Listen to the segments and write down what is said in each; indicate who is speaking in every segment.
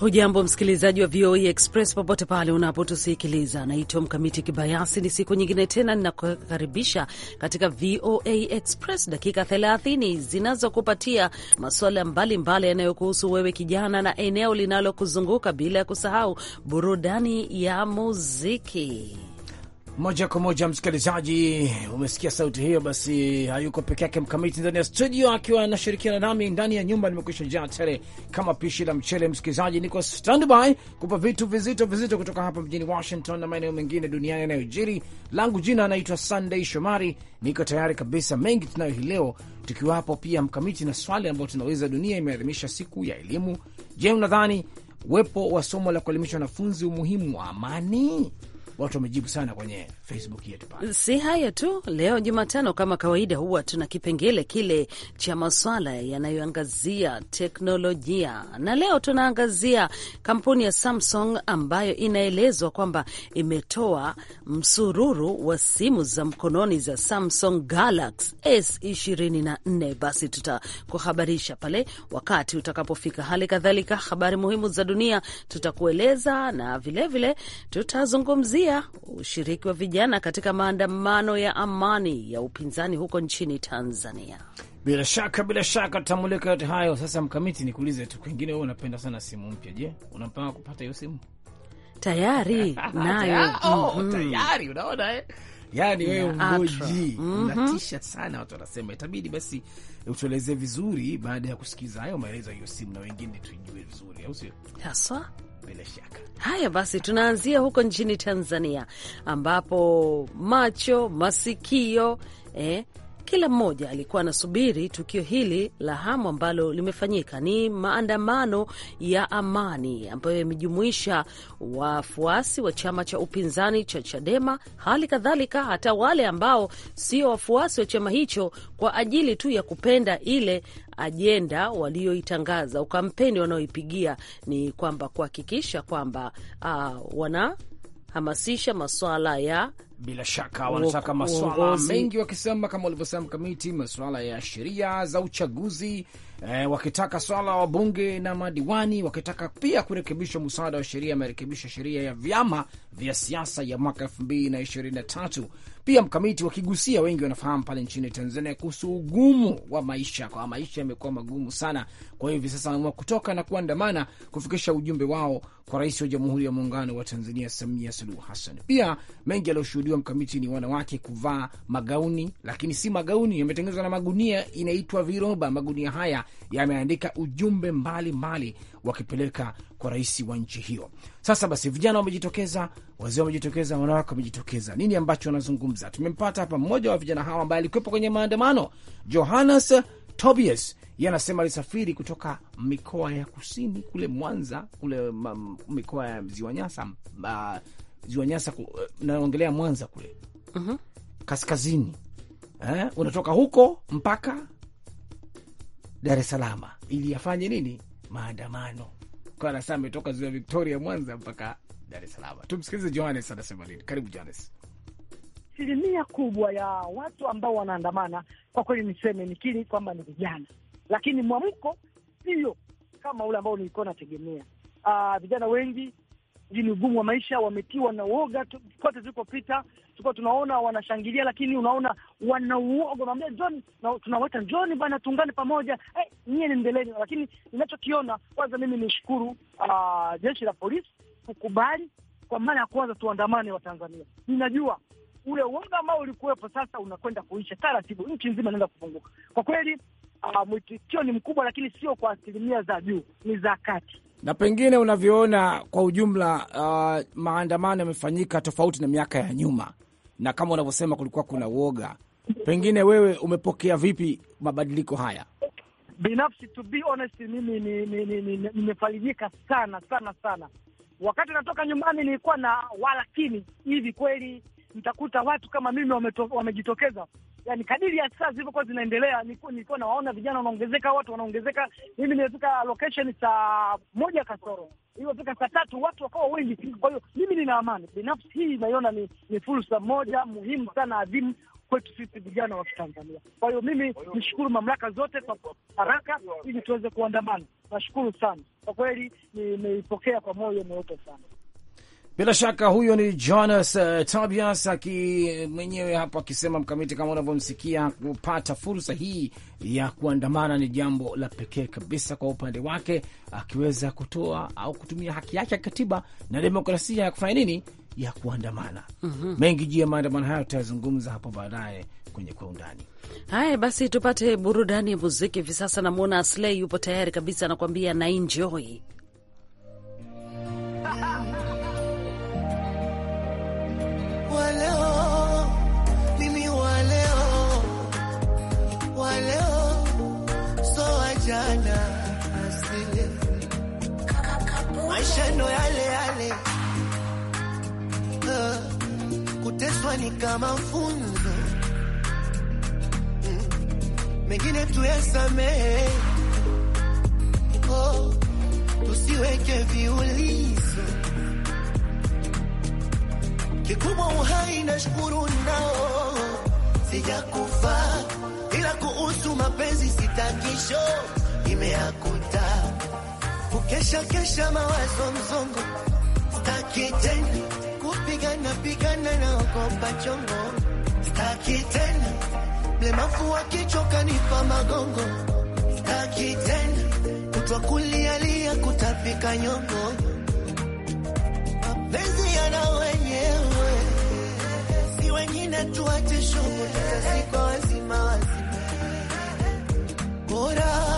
Speaker 1: Hujambo msikilizaji wa VOA e Express popote pale unapotusikiliza, naitwa Mkamiti Kibayasi. Ni siku nyingine tena ninakukaribisha katika VOA e Express, dakika 30 zinazokupatia masuala mbalimbali yanayokuhusu wewe kijana na eneo linalokuzunguka, bila ya kusahau burudani ya muziki
Speaker 2: moja kwa moja, msikilizaji, umesikia sauti hiyo. Basi hayuko peke yake, mkamiti ndani ya studio akiwa anashirikiana nami ndani ya nyumba. Nimekwisha jaa tele kama pishi la mchele. Msikilizaji, niko standby kupa vitu vizito vizito kutoka hapa mjini Washington na maeneo mengine duniani yanayojiri. Langu jina anaitwa Sunday Shomari, niko tayari kabisa. Mengi tunayo hii leo, tukiwa hapo pia mkamiti na swali ambayo tunauliza, dunia imeadhimisha siku ya elimu. Je, unadhani uwepo wa somo la kuelimisha wanafunzi umuhimu wa amani? watu wamejibu sana kwenye Facebook yetu
Speaker 1: pale. Si haya tu, leo Jumatano kama kawaida, huwa tuna kipengele kile cha maswala yanayoangazia teknolojia, na leo tunaangazia kampuni ya Samsung ambayo inaelezwa kwamba imetoa msururu wa simu za mkononi za Samsung Galaxy S24. Basi tutakuhabarisha pale wakati utakapofika. Hali kadhalika habari muhimu za dunia tutakueleza na vilevile tutazungumzia pia ushiriki wa vijana katika maandamano ya amani ya upinzani huko nchini Tanzania.
Speaker 2: Bila shaka, bila shaka tutamulika yote hayo. Sasa Mkamiti, nikuulize tu kwingine, wewe unapenda sana simu mpya. Je, unampanga kupata hiyo simu?
Speaker 1: Tayari nayo oh, mhm. tayari,
Speaker 2: unaona eh? Yani wewe ngoji mhm. unatisha sana, watu wanasema itabidi basi utuelezee vizuri baada ya kusikiza hayo maelezo ya hiyo simu, na wengine tuijue vizuri, au sio? Haswa bila shaka.
Speaker 1: Haya basi, tunaanzia huko nchini Tanzania ambapo macho, masikio eh, kila mmoja alikuwa anasubiri tukio hili la hamu ambalo limefanyika. Ni maandamano ya amani ambayo yamejumuisha wafuasi wa chama cha upinzani cha Chadema, hali kadhalika hata wale ambao sio wafuasi wa chama hicho, kwa ajili tu ya kupenda ile ajenda walioitangaza Ukampeni wanaoipigia ni kwamba kuhakikisha kwamba uh, wana hamasisha masuala ya bila shaka wanataka maswala mengi, wakisema kama walivyosema
Speaker 2: mkamiti, maswala ya sheria za uchaguzi eh, wakitaka swala wa bunge na madiwani, wakitaka pia kurekebisha msaada wa sheria marekebisho sheria ya vyama vya siasa ya mwaka elfu mbili na ishirini na tatu pia mkamiti, wakigusia wengi wanafahamu pale nchini Tanzania kuhusu ugumu wa maisha, kwa maisha yamekuwa magumu sana. Kwa hiyo hivi sasa wanaamua kutoka na kuandamana kufikisha ujumbe wao kwa Rais wa Jamhuri ya Muungano wa Tanzania Samia Suluhu Hassan. Pia mengi yaliyoshuhudiwa unachukuliwa mkamiti ni wanawake kuvaa magauni, lakini si magauni, yametengenezwa na magunia, inaitwa viroba. Magunia haya yameandika ujumbe mbalimbali wakipeleka kwa rais wa nchi hiyo. Sasa basi, vijana wamejitokeza, wazee wamejitokeza, wanawake wamejitokeza. Nini ambacho wanazungumza? Tumempata hapa mmoja wa vijana hawa ambaye alikuwepo kwenye maandamano, Johannes Tobias anasema alisafiri kutoka mikoa ya kusini kule Mwanza, kule mikoa ya Ziwa Nyasa, ziwa Nyasa eh, naongelea Mwanza kule uh -huh. kaskazini eh, unatoka huko mpaka Dar es Salaam ili afanye nini? Maandamano kwa nasa ametoka ziwa Victoria Mwanza mpaka Dar es Salaam. Tumsikilize Johannes anasema nini. Karibu Johannes.
Speaker 3: Asilimia kubwa ya watu ambao wanaandamana kwa kweli, niseme nikiri kwamba ni vijana, lakini mwamko sio kama ule ambao nilikuwa nategemea. Ah, vijana wengi ni ugumu wa maisha, wametiwa na uoga. Kote tulikopita tulikuwa tunaona wanashangilia, lakini unaona wana uoga, naambia John, tunawaita John bana, tuungane pamoja, eh, nyie niendeleni. Lakini ninachokiona kwanza, mimi nishukuru uh, jeshi la polisi kukubali kwa mara ya kwanza tuandamane wa Tanzania. Ninajua ule uoga ambao ulikuwepo sasa unakwenda kuisha taratibu, nchi nzima inaenda kufunguka kwa kweli. Uh, mwitikio ni mkubwa, lakini sio kwa asilimia za juu,
Speaker 2: ni za kati na pengine unavyoona kwa ujumla, uh, maandamano yamefanyika tofauti na miaka ya nyuma, na kama unavyosema kulikuwa kuna uoga. Pengine wewe umepokea vipi mabadiliko haya?
Speaker 3: Binafsi, to be honest, mimi nimefarijika sana sana sana. Wakati natoka nyumbani nilikuwa na walakini hivi kweli nitakuta watu kama mimi wamejitokeza yani kadiri ya saa zilivyokuwa zinaendelea, nilikuwa nawaona vijana wanaongezeka, watu wanaongezeka. Mimi nimefika location saa moja kasoro iliyofika saa tatu, watu wakawa wengi. Kwa hiyo mimi nina amani binafsi, hii naiona ni, ni fursa moja muhimu sana adhimu kwetu sisi vijana wa Kitanzania. Kwa hiyo mimi nishukuru mamlaka zote kwa haraka ili tuweze kuandamana. Nashukuru sana kwa kweli, nimeipokea kwa moyo mweupe sana.
Speaker 2: Bila shaka huyo ni Jonas uh, Tobias aki eh, mwenyewe hapo akisema mkamiti, kama unavyomsikia, kupata fursa hii ya kuandamana ni jambo la pekee kabisa kwa upande wake, akiweza kutoa au kutumia haki yake ya katiba na demokrasia ya kufanya nini, ya kuandamana.
Speaker 1: mm -hmm. Mengi
Speaker 2: juu ya maandamano hayo tutayazungumza hapo baadaye kwenye kwa undani.
Speaker 1: Haya basi, tupate burudani ya muziki hivi sasa. Namwona Slay yupo tayari kabisa, anakuambia na enjoy
Speaker 4: Maisha ndo yale yale, eh, kuteswa ni kama funzo, mm, mengine tuyasamehe, oh, tusiweke viuli kikubwa uhai na shukuru nao, sijakufa ila kuhusu mapenzi sitakisho imeakuta kukesha kesha mawazo mzongo staki tena kupigana pigana na ogopa chongo staki tena mlemafu wakichoka nipa magongo staki tena kutwa kulialia kutapika nyongo mapenzi yanawe wengine tuache shughuli za siku wazima wazima bora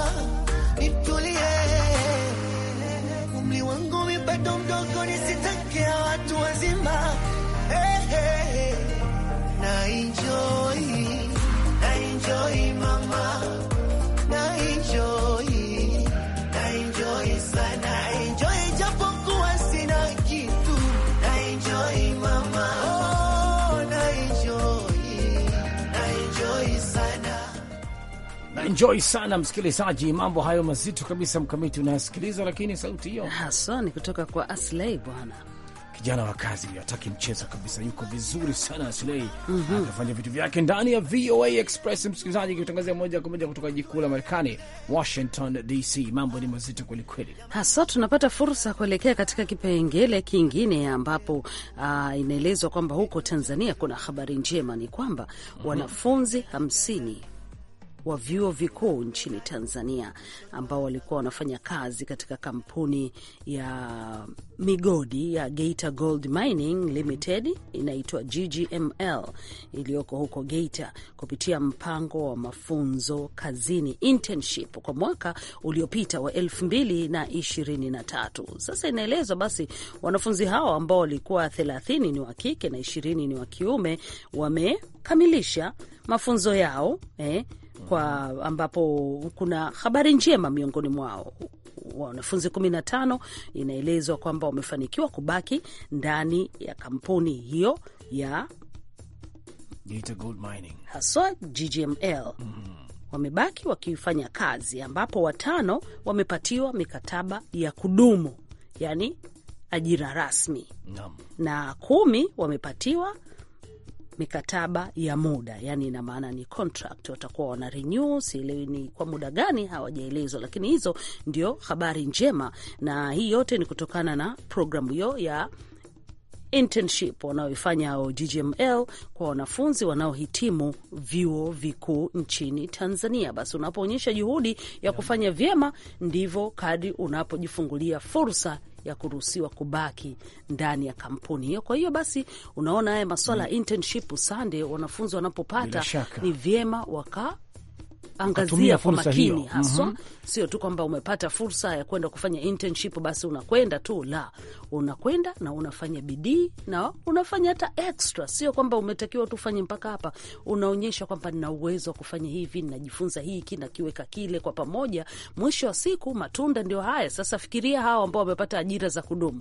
Speaker 2: Enjoy sana msikilizaji, mambo hayo mazito kabisa, mkamiti unayasikiliza,
Speaker 1: lakini sauti hiyo haswa ni kutoka kwa Aslei bwana
Speaker 2: kijana wa kazi ataki mchezo kabisa, yuko vizuri sana Aslei. mm -hmm. Anafanya vitu vyake ndani ya VOA Express, msikilizaji, ikitangazia moja kwa moja kutoka jiji kuu la Marekani, Washington DC. Mambo ni mazito kwelikweli,
Speaker 1: hasa tunapata fursa ya kuelekea katika kipengele kingine ambapo uh, inaelezwa kwamba huko Tanzania kuna habari njema, ni kwamba mm -hmm. wanafunzi hamsini wa vyuo vikuu nchini Tanzania ambao walikuwa wanafanya kazi katika kampuni ya migodi ya Geita Gold Mining Limited inaitwa GGML iliyoko huko Geita, kupitia mpango wa mafunzo kazini internship kwa mwaka uliopita wa elfu mbili na ishirini na tatu. Sasa inaelezwa basi wanafunzi hao ambao walikuwa thelathini ni wa kike na ishirini ni wa kiume wamekamilisha mafunzo yao eh, kwa ambapo kuna habari njema miongoni mwao wanafunzi kumi na tano inaelezwa kwamba wamefanikiwa kubaki ndani ya kampuni hiyo ya
Speaker 2: Geita Gold Mining
Speaker 1: haswa GGML. mm -hmm. Wamebaki wakifanya kazi, ambapo watano wamepatiwa mikataba ya kudumu, yani ajira rasmi. Naam. na kumi wamepatiwa mikataba ya muda, yani ina maana ni contract, watakuwa wana renew, sielewi ni kwa muda gani, hawajaelezwa. Lakini hizo ndio habari njema, na hii yote ni kutokana na programu hiyo ya internship wanaoifanya GGML kwa wanafunzi wanaohitimu vyuo vikuu nchini Tanzania. Basi unapoonyesha juhudi ya kufanya vyema, ndivyo kadri unapojifungulia fursa ya kuruhusiwa kubaki ndani ya kampuni hiyo. Kwa hiyo basi, unaona haya maswala ya mm. internship Sunday, wanafunzi wanapopata ni vyema waka angazia kwa makini haswa. mm -hmm. Sio tu kwamba umepata fursa ya kwenda kufanya internship basi unakwenda tu, la, unakwenda na unafanya bidii na unafanya hata extra. Sio kwamba umetakiwa tu ufanye mpaka hapa, unaonyesha kwamba nina uwezo wa kufanya hivi, ninajifunza hiki na kiweka kile kwa pamoja. Mwisho wa siku matunda ndio haya. Sasa fikiria hao ambao wamepata ajira za kudumu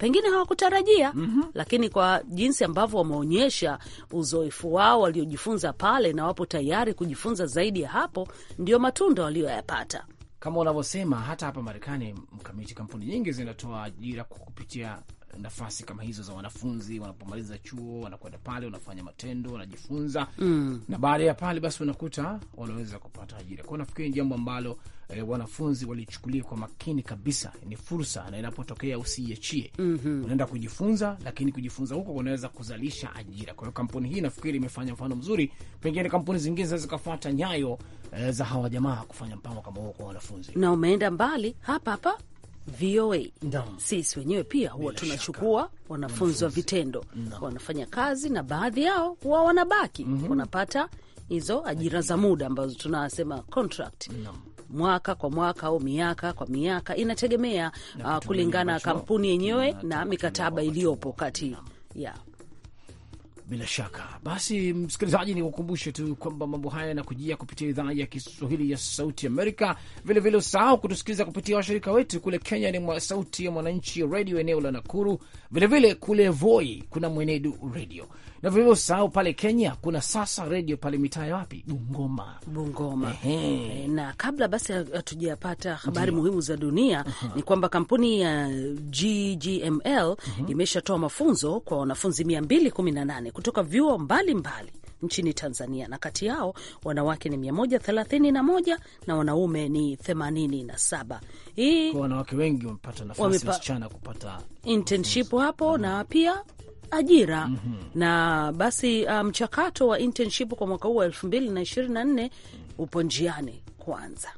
Speaker 1: pengine hawakutarajia mm -hmm. Lakini kwa jinsi ambavyo wameonyesha uzoefu wao waliojifunza pale na wapo tayari kujifunza zaidi ya hapo, ndio matunda walioyapata kama unavyosema. Hata hapa
Speaker 2: Marekani mkamiti, kampuni nyingi zinatoa ajira kwa kupitia nafasi kama hizo za wanafunzi wanapomaliza chuo, wanakwenda pale, wanafanya matendo, wanajifunza mm. na baada ya pale basi unakuta wanaweza kupata ajira kwao. Nafikiri ni jambo ambalo eh, wanafunzi walichukulia kwa makini kabisa. Ni fursa, na inapotokea usiiachie. mm -hmm. Unaenda kujifunza, lakini kujifunza huko unaweza kuzalisha ajira. Kwa hiyo kampuni hii nafikiri imefanya mfano mzuri, pengine kampuni zingine zinaweza zikafuata nyayo eh, za hawa jamaa kufanya mpango kama huo kwa wanafunzi.
Speaker 1: Na umeenda mbali hapa hapa VOA sisi wenyewe pia huwa tunachukua wanafunzi wa vitendo no. Wanafanya kazi na baadhi yao huwa wanabaki mm -hmm. Wanapata hizo ajira za muda ambazo tunasema contract no mwaka kwa mwaka au miaka kwa miaka, inategemea uh, kulingana na kampuni yenyewe na mikataba iliyopo kati yeah.
Speaker 2: Bila shaka basi, msikilizaji, ni kukumbushe tu kwamba mambo haya yanakujia kupitia idhaa ya Kiswahili ya Sauti Amerika. Vilevile usahau kutusikiliza kupitia washirika wetu kule Kenya ni Sauti ya Mwananchi Redio eneo la Nakuru, vilevile vile kule Voi kuna Mwenedu Redio na vilevile usahau pale Kenya kuna sasa redio pale mitaa ya wapi,
Speaker 1: Bungoma, Bungoma. Ehe. Na kabla basi hatujapata habari Ndiyo. muhimu za dunia uh -huh. ni kwamba kampuni ya GGML uh mhm. -huh. imeshatoa mafunzo kwa wanafunzi 218 kutoka vyuo mbalimbali nchini Tanzania na kati yao wanawake ni 131 na na wanaume ni 87. Hii wanawake wengi wamepata nafasi
Speaker 2: wamepata
Speaker 1: internship hapo, mhm. na pia ajira mm -hmm. na basi uh, mchakato um, wa internship kwa mwaka huu wa elfu mbili na ishirini na nne upo njiani kuanza.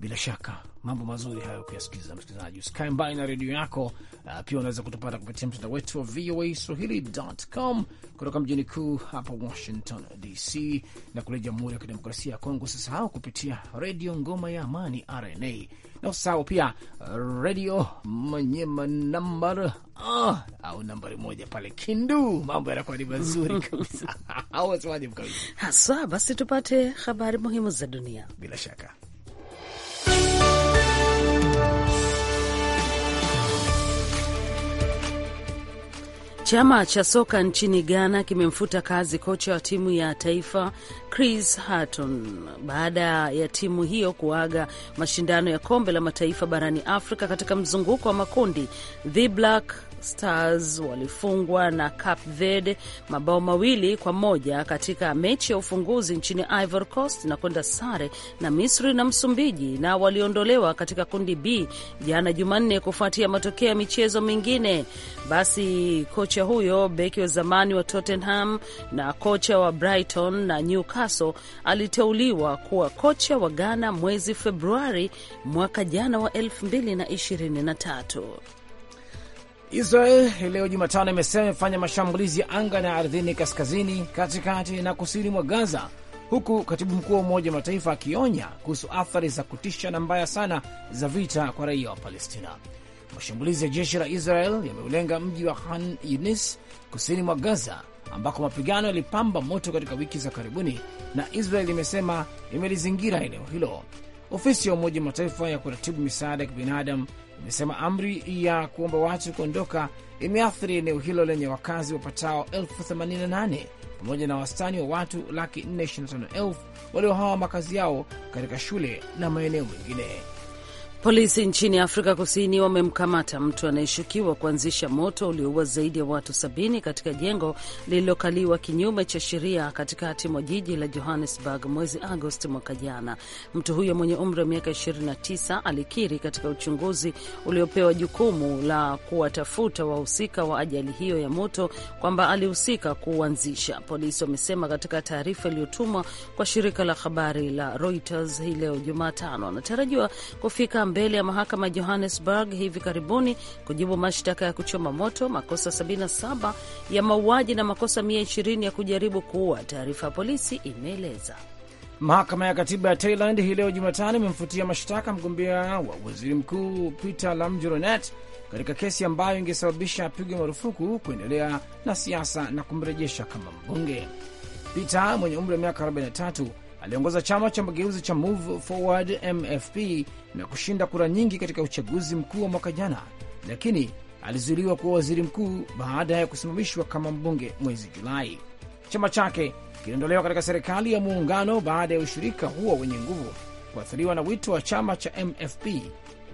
Speaker 2: Bila shaka Mambo mazuri hayo kuyasikiliza, msikilizaji, usikae mbali na redio yako. Uh, pia unaweza kutupata kupitia mtandao wetu wa VOA Swahili.com kutoka mjini kuu hapa Washington DC, na kule Jamhuri ya Kidemokrasia ya Kongo usisahau kupitia redio Ngoma ya Amani RNA, na usisahau pia uh, redio Manyema nambar Oh, ah, au nambari moja pale Kindu. Mambo yanakuwa ni mazuri kabisa au wasemaje mkawii
Speaker 1: hasa. Basi tupate habari muhimu za dunia bila shaka. Chama cha soka nchini Ghana kimemfuta kazi kocha wa timu ya taifa Chris Hatton baada ya timu hiyo kuaga mashindano ya kombe la mataifa barani Afrika katika mzunguko wa makundi. The Black Stars walifungwa na cap Verde mabao mawili kwa moja katika mechi ya ufunguzi nchini Ivory Coast na kwenda sare na Misri na Msumbiji, na waliondolewa katika kundi B jana Jumanne kufuatia matokeo ya michezo mingine. Basi kocha huyo beki wa zamani wa Tottenham na kocha wa Brighton na Newcastle aliteuliwa kuwa kocha wa Ghana mwezi Februari mwaka jana wa 2023. Israel leo Jumatano imesema imefanya
Speaker 2: mashambulizi ya anga na ardhini kaskazini, katikati na kusini mwa Gaza, huku katibu mkuu wa Umoja wa Mataifa akionya kuhusu athari za kutisha na mbaya sana za vita kwa raia wa Palestina. Mashambulizi ya jeshi la Israel yameulenga mji wa Khan Yunis kusini mwa Gaza, ambako mapigano yalipamba moto katika wiki za karibuni, na Israel imesema imelizingira eneo hilo. Ofisi ya Umoja wa Mataifa ya kuratibu misaada ya kibinadamu imesema amri ya kuomba watu kuondoka imeathiri eneo hilo lenye wakazi wapatao 88 pamoja na wastani wa watu laki 425 waliohawa makazi yao
Speaker 1: katika shule na maeneo mengine. Polisi nchini Afrika Kusini wamemkamata mtu anayeshukiwa kuanzisha moto ulioua zaidi ya watu sabini katika jengo lililokaliwa kinyume cha sheria katikati mwa jiji la Johannesburg mwezi Agosti mwaka jana. Mtu huyo mwenye umri wa miaka 29 alikiri katika uchunguzi uliopewa jukumu la kuwatafuta wahusika wa ajali hiyo ya moto kwamba alihusika kuuanzisha, polisi wamesema katika taarifa iliyotumwa kwa shirika la habari la Reuters hii leo Jumatano. Anatarajiwa kufika mbele ya mahakama ya Johannesburg hivi karibuni kujibu mashtaka ya kuchoma moto, makosa 77 ya mauaji na makosa 120 ya kujaribu kuua, taarifa ya polisi imeeleza.
Speaker 2: Mahakama ya katiba ya Thailand hii leo Jumatano imemfutia mashtaka mgombea wa waziri mkuu Peter lamjoronet katika kesi ambayo ingesababisha apigwe marufuku kuendelea na siasa na kumrejesha kama mbunge. Peter mwenye umri wa miaka 43 aliongoza chama cha mageuzi cha Move Forward MFP na kushinda kura nyingi katika uchaguzi mkuu wa mwaka jana, lakini alizuiliwa kuwa waziri mkuu baada ya kusimamishwa kama mbunge mwezi Julai. Chama chake kiliondolewa katika serikali ya muungano baada ya ushirika huo wenye nguvu kuathiriwa na wito wa chama cha MFP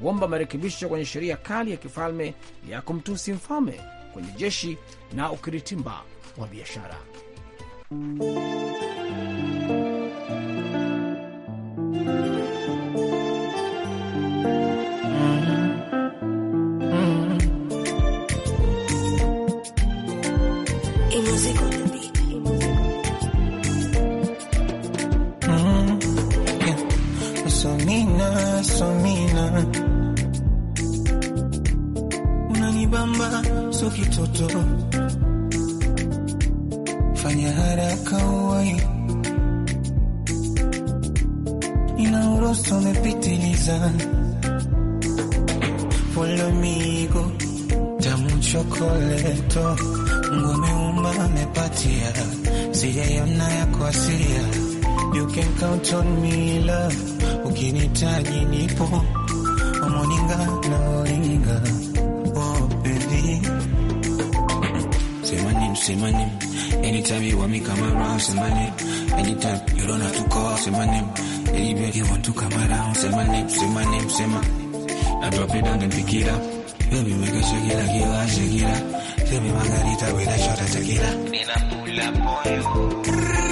Speaker 2: kuomba marekebisho kwenye sheria kali ya kifalme ya kumtusi mfalme kwenye jeshi na ukiritimba wa biashara.
Speaker 5: Moninga, ukinitaji nipo Moninga na Moninga, oh baby, semanim anytime you want me come around, semanim, anytime you don't have to call, semanim, anywhere you want to come around, semanim, semanim, semanim, I drop it down and pick it up, baby make a shake it like you are, margarita with a shot of tequila, nina pula pollo.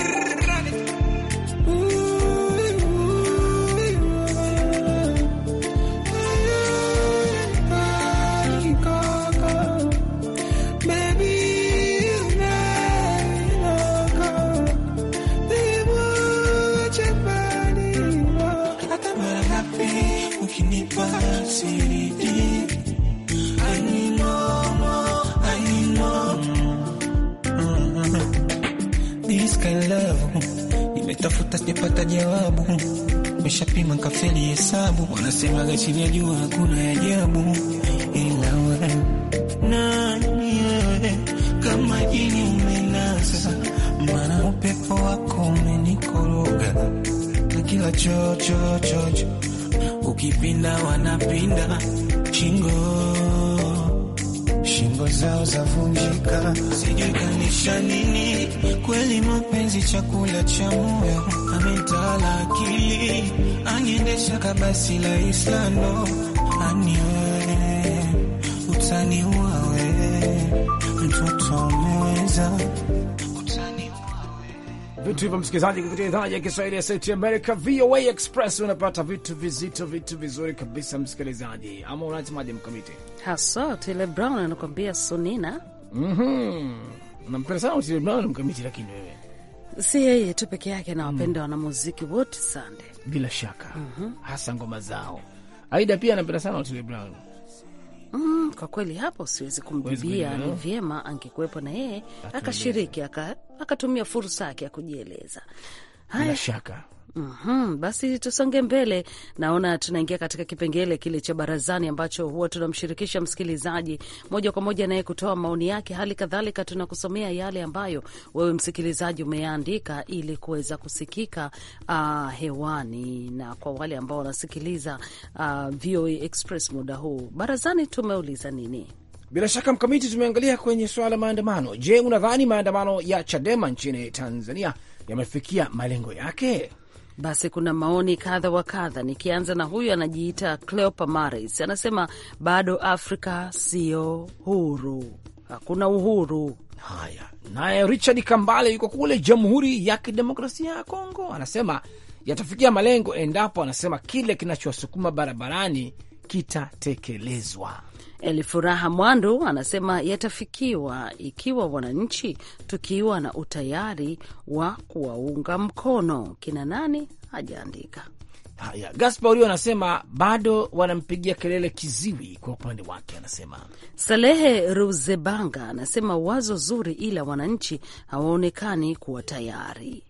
Speaker 5: sky imetafuta sijapata jawabu, meshapima kafeli hesabu, wanasema chini ya jua hakuna ajabu, ila wewe nani wewe, kama jini umenasa, mana upepo wako umenikoroga na kila cho. ukipinda wanapinda chingo ndoto zao zavunjika, sijui kanisha nini kweli. Mapenzi chakula cha moyo, ametala akili, aniendesha kabasi la islano, anioe utani wawe mtoto umeweza vitu hivyo msikilizaji, kupitia idhaa ya Kiswahili ya
Speaker 2: Sauti Amerika, VOA Express. Unapata vitu vizito, vitu vizuri kabisa, msikilizaji. Ama
Speaker 1: unasemaje, Mkamiti? Hasa Tile Brown anakuambia sunina. Mhm, nampenda sana Tile Brown, Mkamiti. Lakini wewe si yeye tu peke yake, nawapenda mm. wanamuziki
Speaker 2: wote, sande, bila shaka mm -hmm. hasa ngoma zao. Aida pia anapenda sana Tile Brown.
Speaker 1: Mm, kwa kweli hapo siwezi kumjibia. Ni vyema angekuwepo na yeye akashiriki, akatumia fursa yake ya kujieleza. Bila
Speaker 2: shaka
Speaker 6: Mm
Speaker 1: -hmm. Basi tusonge mbele, naona tunaingia katika kipengele kile cha barazani ambacho huwa tunamshirikisha msikilizaji moja kwa moja naye kutoa maoni yake. Hali kadhalika tunakusomea yale ambayo wewe msikilizaji umeandika ili kuweza kusikika uh, hewani na kwa wale ambao wanasikiliza uh, ah, VOA Express muda huu. Barazani tumeuliza nini? Bila shaka mkamiti, tumeangalia kwenye suala la maandamano. Je, unadhani maandamano ya Chadema nchini Tanzania yamefikia malengo yake? Basi kuna maoni kadha wa kadha, nikianza na huyu anajiita Cleopa Maris, anasema bado Afrika siyo huru, hakuna uhuru. Haya,
Speaker 2: naye Richard Kambale yuko kule Jamhuri ya Kidemokrasia ya Kongo, anasema yatafikia malengo endapo, anasema kile kinachosukuma barabarani
Speaker 1: kitatekelezwa. Elifuraha Mwandu anasema yatafikiwa ikiwa wananchi tukiwa na utayari wa kuwaunga mkono kina nani, hajaandika. Haya, Gaspario anasema bado wanampigia kelele kiziwi. Kwa upande wake, anasema Salehe Ruzebanga anasema wazo zuri, ila wananchi hawaonekani kuwa tayari.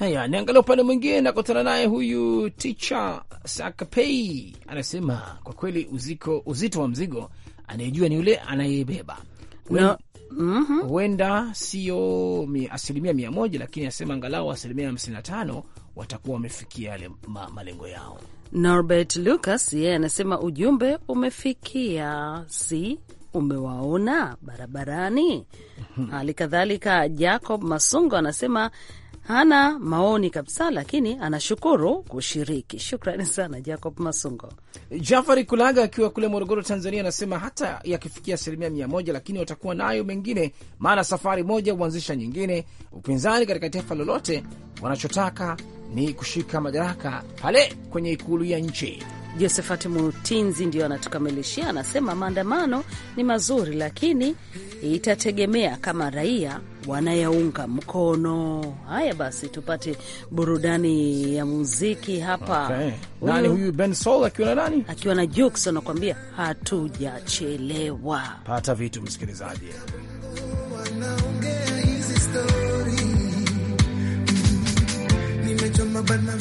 Speaker 1: Haya, niangalia upande mwingine,
Speaker 2: nakutana naye huyu Ticha Sakpei anasema kwa kweli uziko, uzito wa mzigo anayejua ni yule anayebeba huenda mhm. no. sio mi, sio asilimia mia moja, lakini asema angalau asilimia hamsini na tano watakuwa wamefikia yale ma, malengo yao.
Speaker 1: Norbert Lucas yeye anasema ujumbe umefikia, si umewaona barabarani. Mhm. Hali kadhalika Jacob Masungo anasema hana maoni kabisa, lakini anashukuru kushiriki. Shukrani sana Jacob Masungo. Jafari Kulaga akiwa
Speaker 2: kule Morogoro, Tanzania, anasema hata yakifikia asilimia mia moja, lakini watakuwa nayo mengine, maana safari moja huanzisha nyingine. Upinzani katika taifa lolote wanachotaka ni
Speaker 1: kushika madaraka pale kwenye ikulu ya nchi. Josephat Mutinzi ndio anatukamilishia, anasema maandamano ni mazuri, lakini itategemea kama raia wanayaunga mkono. Haya basi, tupate burudani ya muziki hapa. Okay. Nani huyu? Ben Sol akiwa na nani? Akiwa na Juks anakuambia hatujachelewa.
Speaker 2: Pata vitu msikilizaji
Speaker 1: but my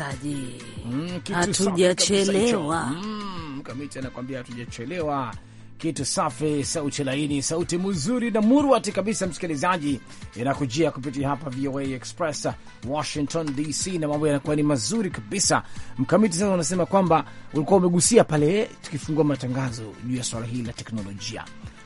Speaker 1: msikilizaji,
Speaker 2: mm, hatujachelewa mm, mkamiti anakwambia hatujachelewa. Kitu safi, sauti laini, sauti mzuri na murwati kabisa, msikilizaji, inakujia kupitia hapa VOA Express Washington DC, na mambo yanakuwa ni mazuri kabisa. Mkamiti sasa unasema kwamba ulikuwa umegusia pale eh, tukifungua matangazo juu ya swala hili la teknolojia,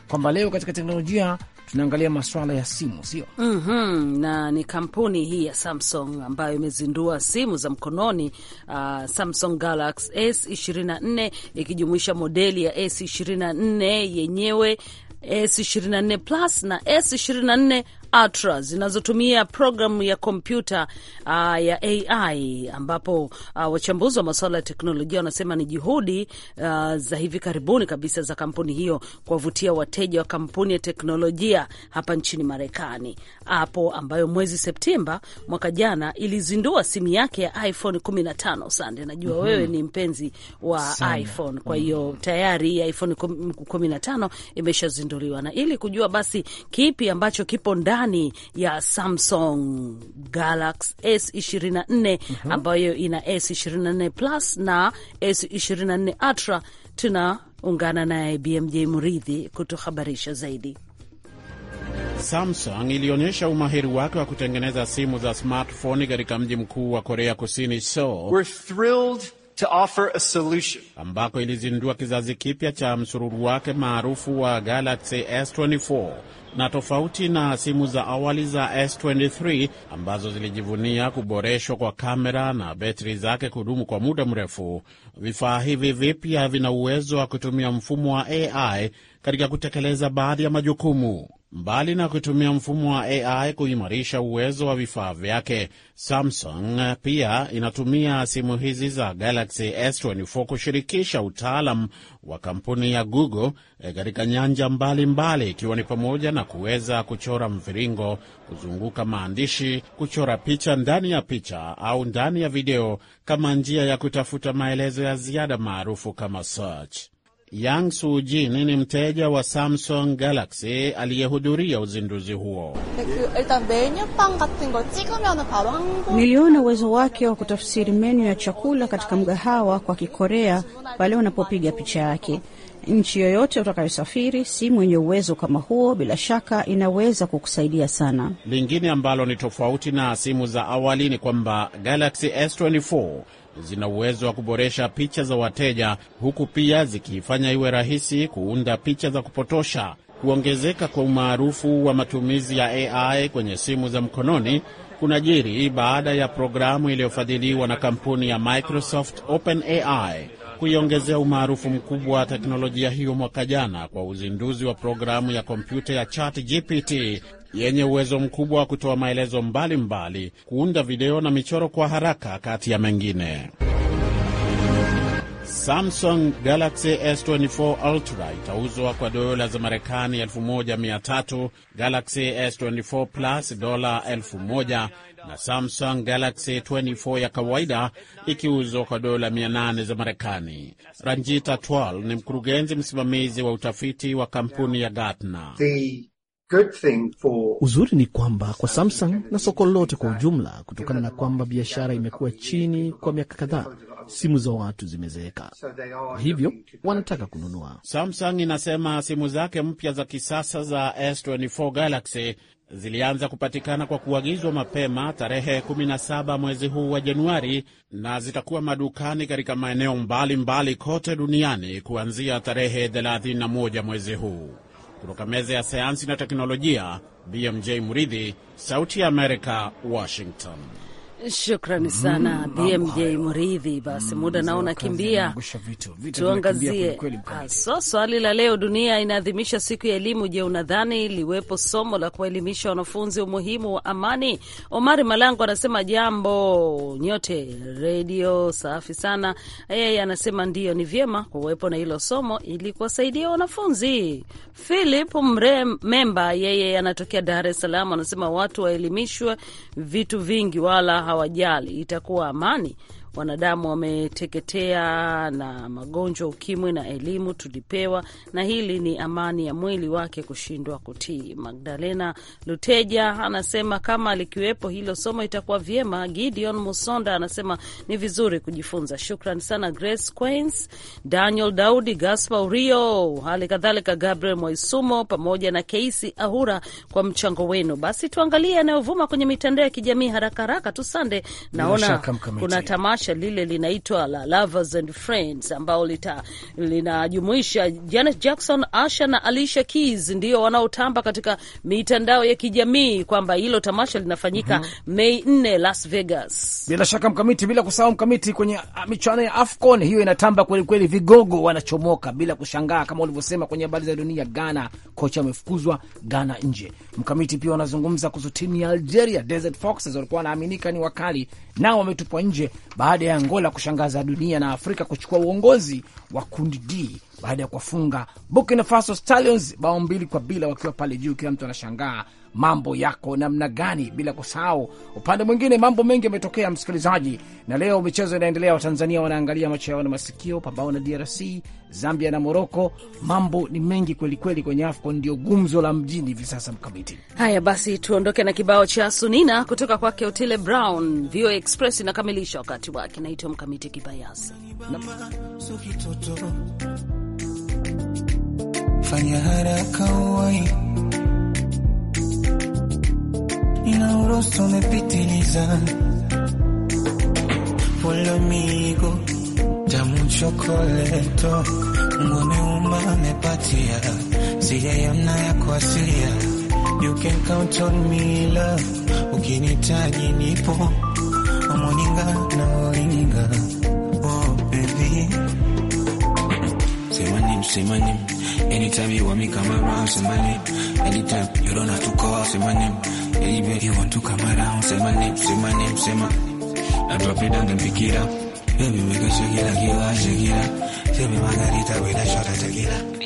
Speaker 2: kwamba leo katika teknolojia tunaangalia maswala ya simu, sio?
Speaker 1: mm -hmm. Na ni kampuni hii ya Samsung ambayo imezindua simu za mkononi uh, Samsung Galaxy S24 ikijumuisha modeli ya S24 yenyewe S24 Plus na S24 Atra zinazotumia programu ya kompyuta uh, ya AI ambapo uh, wachambuzi wa masuala ya teknolojia wanasema ni juhudi uh, za hivi karibuni kabisa za kampuni hiyo kuwavutia wateja wa kampuni ya teknolojia hapa nchini Marekani, hapo ambayo mwezi Septemba mwaka jana ilizindua simu yake ya iPhone 15. Sande, najua mm -hmm. wewe ni mpenzi wa Sana. iPhone, kwa mm. hiyo mm -hmm. tayari iPhone 15 imeshazinduliwa na ili kujua basi kipi ambacho kipo ndani ndani ya Samsung Galaxy S24 mm -hmm. ambayo ina S24 Plus na S24 Ultra. Tunaungana naye BMJ Muridhi kutuhabarisha zaidi.
Speaker 6: Samsung ilionyesha umahiri wake wa kutengeneza simu za smartphone katika mji mkuu wa Korea Kusini, Seoul. We're thrilled to offer a solution, ambako ilizindua kizazi kipya cha msururu wake maarufu wa Galaxy S24 na tofauti na simu za awali za S23 ambazo zilijivunia kuboreshwa kwa kamera na betri zake kudumu kwa muda mrefu, vifaa hivi vipya vina uwezo wa kutumia mfumo wa AI katika kutekeleza baadhi ya majukumu. Mbali na kutumia mfumo wa AI kuimarisha uwezo wa vifaa vyake, Samsung pia inatumia simu hizi za Galaxy S24 kushirikisha utaalam wa kampuni ya Google e, katika nyanja mbalimbali, ikiwa ni pamoja na kuweza kuchora mviringo, kuzunguka maandishi, kuchora picha ndani ya picha au ndani ya video, kama njia ya kutafuta maelezo ya ziada maarufu kama search. Yang Sujin ni mteja wa Samsung Galaxy aliyehudhuria uzinduzi huo.
Speaker 1: Niliona uwezo wake wa kutafsiri menu ya chakula katika mgahawa kwa Kikorea pale unapopiga picha yake. Nchi yoyote utakayosafiri, simu yenye uwezo kama huo bila shaka inaweza kukusaidia sana.
Speaker 6: Lingine ambalo ni tofauti na simu za awali ni kwamba Galaxy S24 zina uwezo wa kuboresha picha za wateja, huku pia zikiifanya iwe rahisi kuunda picha za kupotosha. Kuongezeka kwa umaarufu wa matumizi ya AI kwenye simu za mkononi kunajiri baada ya programu iliyofadhiliwa na kampuni ya Microsoft OpenAI kuiongezea umaarufu mkubwa wa teknolojia hiyo mwaka jana kwa uzinduzi wa programu ya kompyuta ya ChatGPT yenye uwezo mkubwa wa kutoa maelezo mbalimbali mbali, kuunda video na michoro kwa haraka kati ya mengine. Samsung Galaxy S24 Ultra itauzwa kwa dola za Marekani 1300, Galaxy S24 Plus dola 1000 na Samsung Galaxy 24 ya kawaida ikiuzwa kwa dola 800 za Marekani. Ranjita Twal ni mkurugenzi msimamizi wa utafiti wa kampuni ya Gartner. Uzuri
Speaker 2: ni kwamba kwa Samsung na soko lote kwa ujumla, kutokana na kwamba biashara imekuwa chini kwa miaka kadhaa,
Speaker 4: simu za watu zimezeeka, kwa hivyo wanataka kununua.
Speaker 6: Samsung inasema simu zake mpya za kisasa za S24 Galaxy zilianza kupatikana kwa kuagizwa mapema tarehe 17 mwezi huu wa Januari na zitakuwa madukani katika maeneo mbalimbali mbali kote duniani kuanzia tarehe 31 mwezi huu. Kutoka meza ya sayansi na teknolojia, BMJ Muridhi, Sauti ya Amerika, Washington.
Speaker 1: Shukrani sana mm, BMJ Mridhi. Basi mm, muda naona kimbia, tuangazie haswa ah, swali la leo. Dunia inaadhimisha siku ya elimu. Je, unadhani liwepo somo la kuwaelimisha wanafunzi umuhimu wa amani? Omari Malango anasema jambo nyote redio safi sana. Yeye anasema ndiyo, ni vyema kuwepo na hilo somo ili kuwasaidia wanafunzi. Philip Memba yeye anatokea Dar es Salaam anasema watu waelimishwe vitu vingi, wala hawajali itakuwa amani wanadamu wameteketea, na magonjwa ukimwi, na elimu tulipewa, na hili ni amani ya mwili wake kushindwa kutii. Magdalena Luteja anasema kama likiwepo hilo somo itakuwa vyema. Gideon Musonda anasema ni vizuri kujifunza. Shukran sana Grace Queens, Daniel Daudi, Gaspar Urio, hali kadhalika Gabriel Mwaisumo pamoja na Keisi Ahura kwa mchango wenu. Basi tuangalie yanayovuma kwenye mitandao ya kijamii haraka haraka tu. Sande, naona kuna tamasha tamasha lile linaitwa la Lovers and Friends, ambao linajumuisha Janet Jackson, Asha na Alicia Keys, ndio wanaotamba katika mitandao ya kijamii kwamba hilo tamasha linafanyika Mei mm -hmm. nne Las Vegas.
Speaker 2: Bila shaka mkamiti, bila kusahau mkamiti, kwenye ah, michuano ya AFCON hiyo inatamba kwelikweli, vigogo wanachomoka bila kushangaa, kama ulivyosema kwenye habari za dunia. Ghana kocha amefukuzwa, Ghana nje. Mkamiti pia wanazungumza kuhusu timu ya Algeria Desert Foxes, walikuwa wanaaminika ni wakali, nao wametupwa nje baada ya Angola kushangaza dunia na Afrika kuchukua uongozi wa kundi D baada ya kuwafunga Burkina Faso Stallions bao mbili kwa bila wakiwa pale juu, kila mtu anashangaa mambo yako namna gani, bila kusahau upande mwingine mambo mengi yametokea, msikilizaji, na leo michezo inaendelea. Watanzania wanaangalia macho yao na masikio, pambao na DRC, Zambia na Moroko. Mambo ni mengi kwelikweli kwenye AFCON, ndio gumzo la mjini hivi sasa. Mkamiti,
Speaker 1: haya basi, tuondoke na kibao cha Sunina kutoka kwake Otile Brown. VOA Express inakamilisha wakati wake. Naitwa Mkamiti Kibayasi
Speaker 5: na inaorosa umepitiliza, polo amigo ya mucho coleto tamu chokoleto ngomeuma amepatia sijayamna ya kuasilia. You can count on me love, ukinitaji nipo amoninga na olinga. Oh baby, say my name, say my name anytime you want me come around, say my name anytime you don't have to call, say my name Baby, you want to come around. Say my name, say my name, say my I drop it down, then pick it up. Baby, we can shake it up, shake it up. Baby, margarita with a shot of tequila.